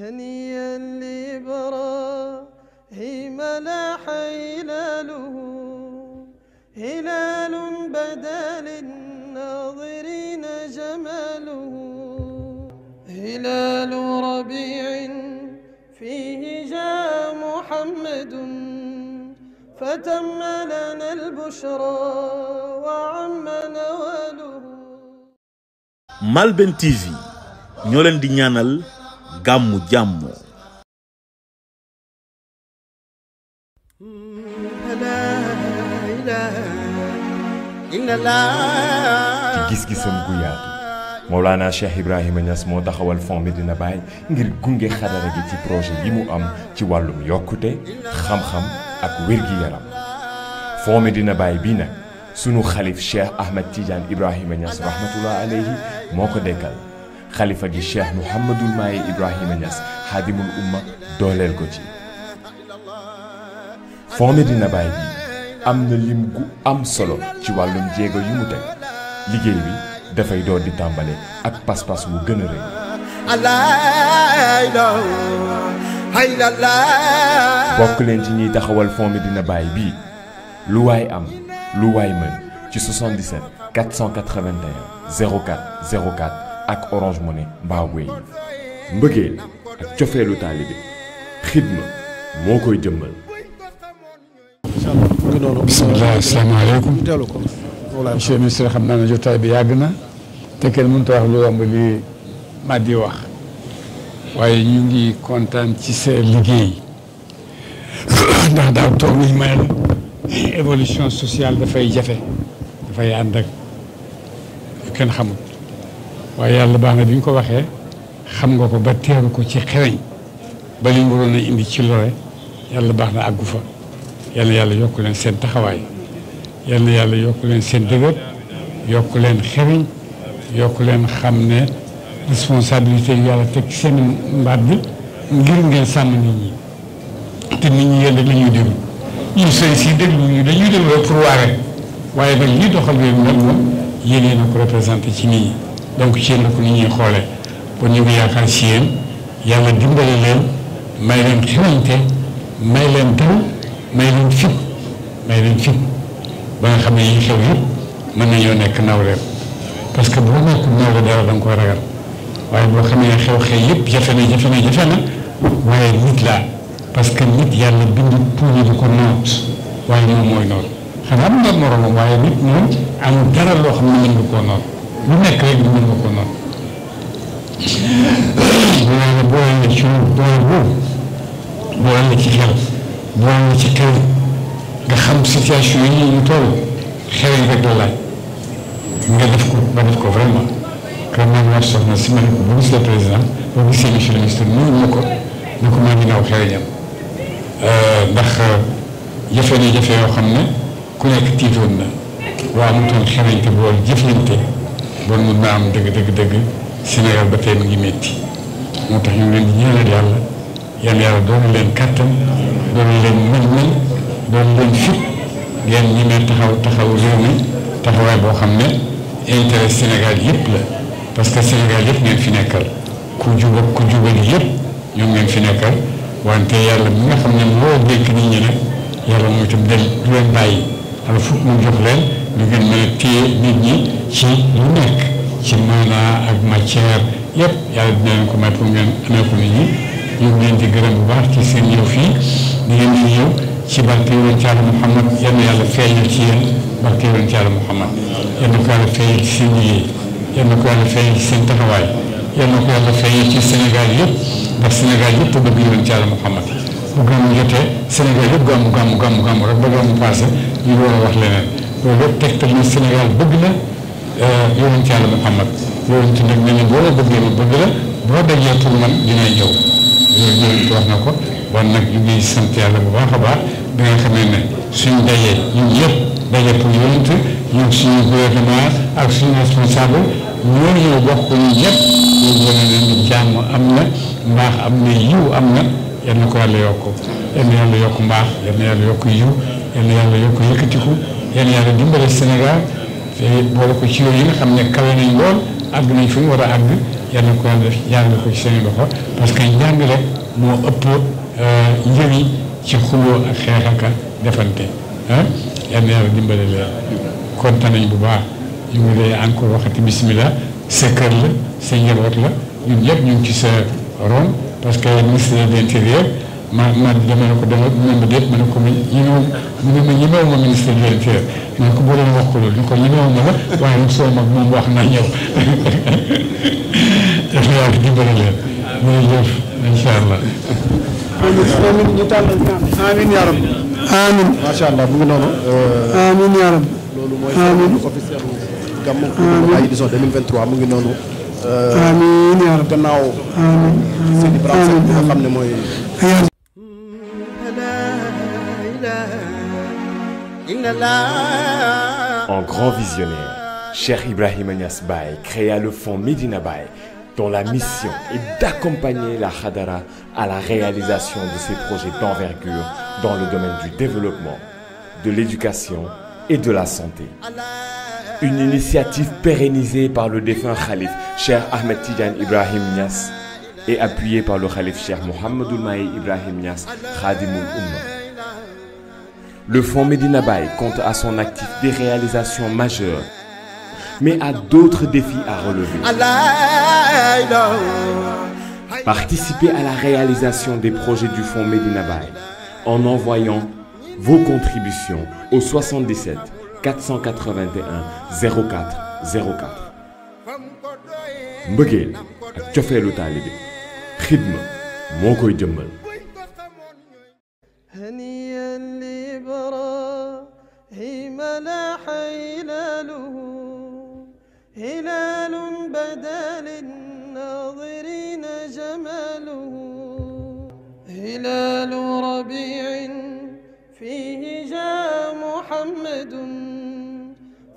هنيئا لإبراهيم لاح هلاله هلال بدا للناظرين جماله هلال ربيع فيه جاء محمد فتم لنا البشرى وعم نواله Malben TV ñoo leen di ñaanal gàmmu jàmm gis-gisam gu yaatu Mawlana Cheikh Ibrahima Niass moo taxawal Fonds Médina Baye ngir gunge xadara gi ci projet yi mu am ci wàllum yokkute xam-xam ak wér-gi-yaram Fonds Médina Baye bii nag sunu xalif Cheikh Ahmed Tidiane Ibrahima Niass rahmatullah alayhi moo ko dekkal xalifa gi cheikh Mouhamadul Mahi Ibrahima Niass xaadimul umma dooleel ko ci fond Medina Baye bi am na lim gu am solo ci wàllum jéego yu mu teg liggéey bi dafay door di tàmbale ak pas-pas wu gën a rëy bokk leen ci ñuy taxawal fond Medina Baye bii lu waay am lu waay mën ci 77 481 04 04 ak Orange Money Mbaawe yi mbëggeel ak cofeelu taalibe xidma moo koy jëmmal. bisimilah asalaamaaleykum. monsieur le ministre xam naa ne jotaay bi yàgg na te kenn mënut wax lu yomb li Madi wax waaye ñu ngi kontaan ci seen liggéey ndax daaw toog nañu ma évolution sociale dafay jafe dafay ànd ak kenn xamul. waaye yàlla baax na bi ñu ko waxee xam nga ko ba teeru ko ci xereñ ba li mu a indi ci lore yàlla baax na àggu fa yal yàlla yokk leen seen taxawaay yal yàlla yokk leen seen dëgër yokk leen xereñ yokk leen xam ne responsabilité yi yàlla teg seen mbaat bi ngir ngeen sàmm nit ñi te nit ñi yàlla la ñuy ñu sëñ si déglu ñu dañuy déglu pour waare waaye nag lii doxal réew mi nag moom yéen a ko représenté ci nit ñi donc ci yéen la ko nit ñuy xoolee kon ñu ngi yaakaar si yéen yàlla dimbali leen may leen xamante may leen taw may leen fit may leen fit ba nga xam ne yi xew yëpp mën nañoo nekk nawleem parce que boo nekk nawle dara da nga ko ragal waaye boo xamee ne xew-xew yëpp jafe na jafe na jafe na waaye nit laa parce que nit yàlla bindu puuni du ko noot waaye moom mooy noonu xanaa am na waaye nit moom am dara loo xam ne mën nga koo noot. lu nekk rek ñu nga ko noonu boole boole ci boole boobu boole ci xel boole na ci xel nga xam situation yi ñu toll xel rek la nga def ko nga def ko vraiment kër man war soxna si ma ne ko ba gis président ba gisee monsieur le ministre nuyu ko ne ko maa ngi naw xereñam euh, ndax jafe na jafe yoo xam ne ku nekk tiitoon na waa amutoon xereñte boole jëflante bon mun naa am dëgg dëgg dëgg Sénégal ba tey mu ngi métti moo tax ñu ngi leen di ñaanal yàlla yal yàlla doon leen kàttan doon leen mën-mën doon leen fit ngeen ñi taxaw taxaw réew taxawaay boo xam ne intérêt Sénégal yëpp la parce que Sénégal yëpp ngeen fi nekkal ku jub ak ku jubal yëpp ñoom ngeen fi nekkal wante yàlla mi nga xam ne loo dénk nit ñi nag yàlla mooy itam du leen bàyyi alors mu jox leen lu ngeen mën téye nit ñi. ci lu nekk ci maanaa ak matière yëpp yàlla dina leen ko may pour ngeen amee ko nit ñi ñu ngi leen di gërëm bu baax ci seen fii di ngeen fi ñëw ci yàlla Muhammad ci yéen barke yoon ci yàlla Muhammad yenn ko yàlla feeñal ci seen yëpp ba Sénégal yëpp bëgg yoon ci yàlla Muhammad bu gàmmu yëpp gàmmu gàmmu gàmmu rek ba gàmmu passé ñu war a wax leneen loolu yëpp tegtal na bëgg na Euh, yonent yàlla Muhammad yonent nag nee na boo ma bëggee ma bëgg boo dajee pour man dinaa ñëw loolu wax na ko bon nag ñu ngi sant yàlla bu baax a baax bi nga xamee suñu gouvernement suñu responsable ñoo ñëw bokk ñu ñëpp ñu gën a leen di jàmm am na mbaax am na yiw am na yal na ko yàlla yokk na yàlla yokk mbaax yal na yàlla yokk yiw yàlla yokk yëkkatiku yàlla dimbale Sénégal. te boole ko ci yoon yi nga xam ne kawe nañ lool àgg nañ fi mu war a àgg yal na ko yàlla def jaarale ko ci seen loxo parce que njàng moo ëpp euh, njëriñ ci xuloo ak xeex ak defante ah yal dimbale leen kontaan nañ bu baax ñu ngi lay encore waxati bisimilah sa kër la sa njaboot la ñun ñëpp ñu ngi ci sa ron parce que ministre de l'intérieur ma ma dama ne ko dama ñoom déet ma ne ko mu ne ma ñemewu ministre de ma ne ko boo wax ko loolu ñu ko ñemewu la waaye nag soo mag moom wax na ñëw dafa yàlla dimbali leen jërëjëf incha allah. amiin ñu mu ngi noonu euh, amiin yaa rabbi loolu mooy euh, gannaaw seen i nga En grand visionnaire, Cheikh Ibrahim Niass Baye créa le fonds Medina Baye, dont la mission est d'accompagner la Khadara à la réalisation de ses projets d'envergure dans le domaine du développement, de l'éducation et de la santé. Une initiative pérennisée par le défunt Khalif Cheikh Ahmed Tidiane Ibrahim Niass et appuyée par le Khalif Cheikh Mohamedou Mahi Ibrahim Niass Le fonds Medina Bay compte à son actif des réalisations majeures, mais à d'autres défis à relever. Participez à la réalisation des projets du fonds Medina Bay en envoyant vos contributions au 77 481 04 04. mbëggeel ak cofeelu taalibe xidma moo koy jëmmal فلاح هلاله هلال بدا للناظرين جماله هلال ربيع فيه جاء محمد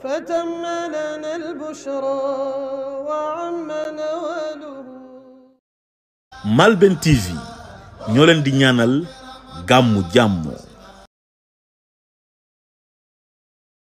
فتم لنا البشرى وعم نواله Malben TV ñoo leen di ñaanal gàmmu jàmm